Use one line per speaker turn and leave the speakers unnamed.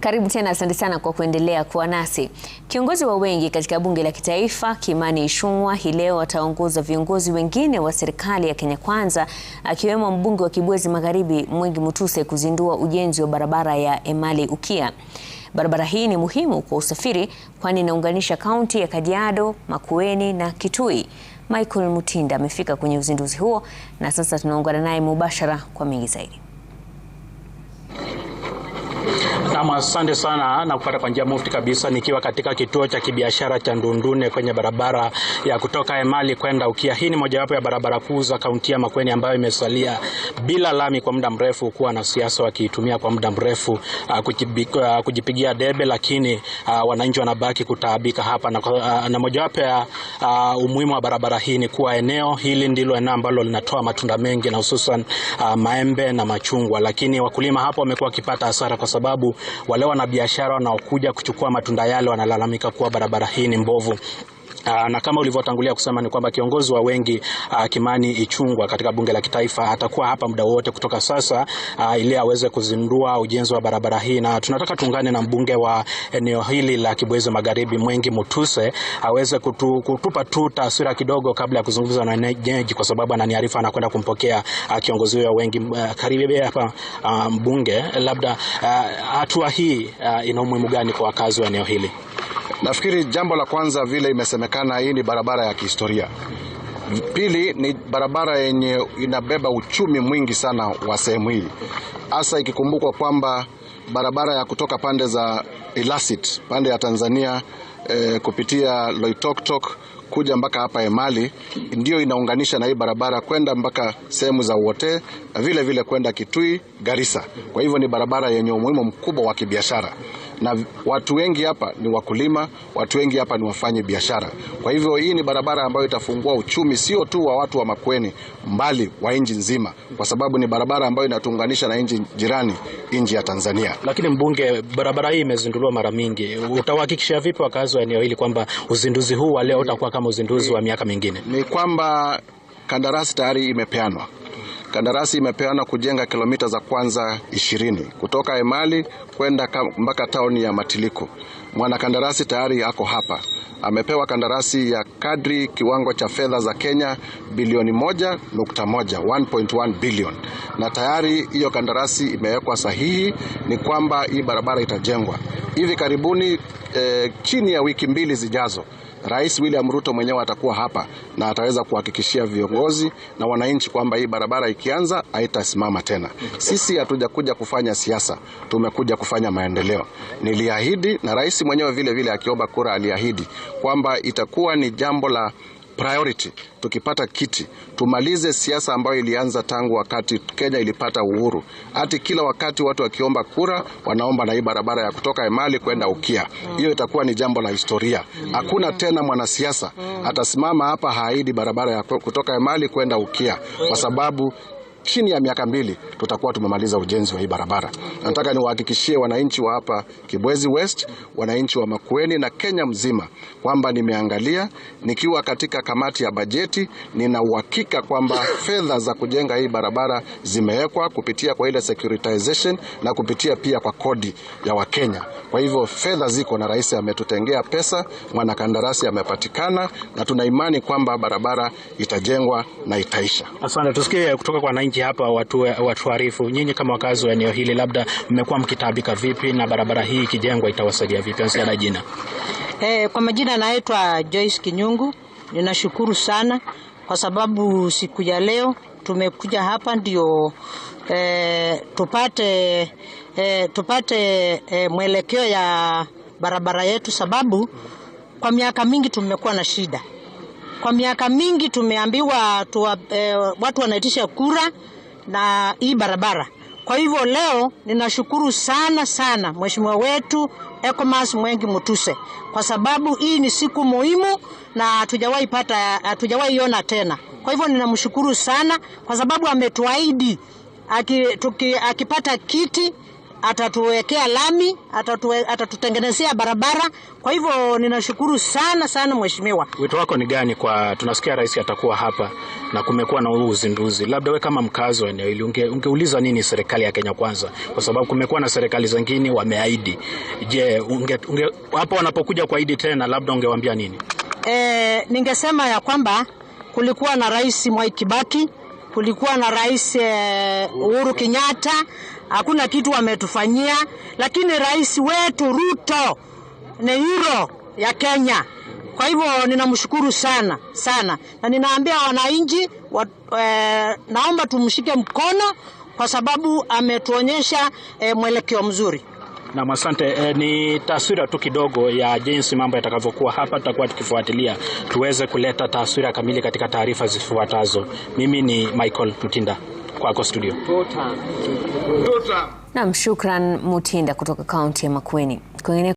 Karibu tena, asante sana kwa kuendelea kuwa nasi. Kiongozi wa wengi katika bunge la kitaifa Kimani Ichung'wah hii leo ataongoza viongozi wengine wa serikali ya Kenya Kwanza, akiwemo mbunge wa Kibwezi Magharibi Mwengi Mutuse kuzindua ujenzi wa barabara ya Emali Ukia. Barabara hii ni muhimu kwa usafiri, kwani inaunganisha kaunti ya Kajiado, Makueni na Kitui. Michael Mutinda amefika kwenye uzinduzi huo na sasa tunaungana naye mubashara kwa mengi zaidi.
Naam, asante sana na kufuata kwa njia mufti kabisa, nikiwa katika kituo cha kibiashara cha Ndundune kwenye barabara ya kutoka Emali kwenda Ukia. Hii ni mojawapo ya barabara kuu za kaunti ya Makueni ambayo imesalia bila lami kwa muda mrefu, na siasa wakiitumia kwa muda mrefu uh, uh, kujipigia debe, lakini uh, wananchi wanabaki kutaabika hapa na, na mojawapo ya umuhimu wa barabara hii ni kuwa eneo hili ndilo eneo ambalo linatoa matunda mengi na hususan maembe na machungwa, lakini wakulima hapo wamekuwa wakipata hasara kwa sababu wale wanabiashara wanaokuja kuchukua matunda yale wanalalamika kuwa barabara hii ni mbovu. Aa, ah, na kama ulivyotangulia kusema ni kwamba kiongozi wa wengi aa, ah, Kimani Ichung'wa katika bunge la kitaifa atakuwa hapa muda wote kutoka sasa aa, ah, ili aweze kuzindua ujenzi wa barabara hii, na tunataka tuungane na mbunge wa eneo hili la Kibwezi Magharibi Mwengi Mutuse aweze kutu, kutupa tu taswira kidogo kabla ya kuzungumza na wenyeji, kwa sababu ananiarifa anakwenda kumpokea aa, kiongozi wa wengi karibu hapa mbunge. Labda hatua hii aa, ina umuhimu gani kwa wakazi wa eneo hili?
Nafikiri jambo la kwanza, vile imesemekana, hii ni barabara ya kihistoria. Pili ni barabara yenye inabeba uchumi mwingi sana wa sehemu hii, hasa ikikumbukwa kwamba barabara ya kutoka pande za Ilasit pande ya Tanzania e, kupitia Loitoktok kuja mpaka hapa Emali ndio inaunganisha na hii barabara kwenda mpaka sehemu za Uote na vile vile kwenda Kitui, Garissa. Kwa hivyo ni barabara yenye umuhimu mkubwa wa kibiashara na watu wengi hapa ni wakulima, watu wengi hapa ni wafanye biashara. Kwa hivyo hii ni barabara ambayo itafungua uchumi sio tu wa watu wa Makueni, mbali wa nchi nzima, kwa sababu ni barabara ambayo inatuunganisha na nchi jirani, nchi ya Tanzania.
Lakini mbunge, barabara hii imezinduliwa mara mingi, utawahakikishia vipi wakazi wa eneo hili kwamba uzinduzi huu wa leo utakuwa kama uzinduzi wa miaka mingine?
Ni kwamba kandarasi tayari imepeanwa. Kandarasi imepeana kujenga kilomita za kwanza ishirini kutoka Emali kwenda mpaka tauni ya Matiliko. Mwanakandarasi tayari ako hapa, amepewa kandarasi ya kadri kiwango cha fedha za Kenya bilioni moja nukta moja 1.1 billion, na tayari hiyo kandarasi imewekwa sahihi. Ni kwamba hii barabara itajengwa hivi karibuni, eh, chini ya wiki mbili zijazo. Rais William Ruto mwenyewe atakuwa hapa na ataweza kuhakikishia viongozi na wananchi kwamba hii barabara ikianza haitasimama tena. Sisi hatujakuja kufanya siasa, tumekuja kufanya maendeleo. Niliahidi na rais mwenyewe vile vile akiomba kura aliahidi kwamba itakuwa ni jambo la priority tukipata kiti tumalize siasa ambayo ilianza tangu wakati Kenya ilipata uhuru, hati kila wakati watu wakiomba kura wanaomba na hii barabara ya kutoka Emali kwenda Ukia. Hiyo itakuwa ni jambo la historia. Hakuna tena mwanasiasa atasimama hapa haidi barabara ya kutoka Emali kwenda Ukia kwa sababu chini ya miaka mbili tutakuwa tumemaliza ujenzi wa hii barabara. Nataka niwahakikishie wananchi wa hapa Kibwezi West, wananchi wa Makueni na Kenya mzima kwamba nimeangalia, nikiwa katika kamati ya bajeti, nina uhakika kwamba fedha za kujenga hii barabara zimewekwa kupitia kwa ile securitization na kupitia pia kwa kodi ya Wakenya. Kwa hivyo fedha ziko na rais ametutengea pesa, mwanakandarasi amepatikana, na tuna imani kwamba barabara itajengwa na itaisha.
Asante, tusikie kutoka kwa wananchi wananchi hapa watuarifu, nyinyi kama wakazi wa eneo hili, labda mmekuwa mkitabika vipi na barabara hii ikijengwa itawasaidia vipi? Ansiana jina.
Eh, kwa majina naitwa Joyce Kinyungu. Ninashukuru sana kwa sababu siku ya leo tumekuja hapa ndio eh, tupate, eh, tupate eh, mwelekeo ya barabara yetu, sababu kwa miaka mingi tumekuwa na shida. Kwa miaka mingi tumeambiwa tuwa, e, watu wanaitisha kura na hii barabara. Kwa hivyo leo ninashukuru sana sana mheshimiwa wetu Ecomas Mwengi Mutuse kwa sababu hii ni siku muhimu na hatujawahi pata, hatujawahi iona tena. Kwa hivyo ninamshukuru sana kwa sababu ametuahidi akipata kiti atatuwekea lami, atatue, atatutengenezea barabara. Kwa hivyo ninashukuru sana sana mheshimiwa.
Wito wako ni gani? Kwa tunasikia rais atakuwa hapa na kumekuwa na uzinduzi, labda we kama mkazi wa eneo hili unge, ungeuliza nini serikali ya Kenya Kwanza, kwa sababu kumekuwa na serikali zingine wameahidi. Je, hapo wanapokuja kuahidi tena, labda ungewaambia nini?
E, ningesema ya kwamba kulikuwa na rais Mwai Kibaki, kulikuwa na rais e, Uhuru Kenyatta hakuna kitu wametufanyia, lakini rais wetu Ruto ni hero ya Kenya. Kwa hivyo ninamshukuru sana sana, na ninaambia wananchi wa, eh, naomba tumshike mkono kwa sababu ametuonyesha eh, mwelekeo mzuri.
Nam, asante. E, ni taswira tu kidogo ya jinsi mambo yatakavyokuwa hapa. Tutakuwa tukifuatilia tuweze kuleta taswira kamili katika taarifa zifuatazo. Mimi ni Michael mtinda kwako studio.
Naam, shukran Mutinda kutoka kaunti ya Makueni.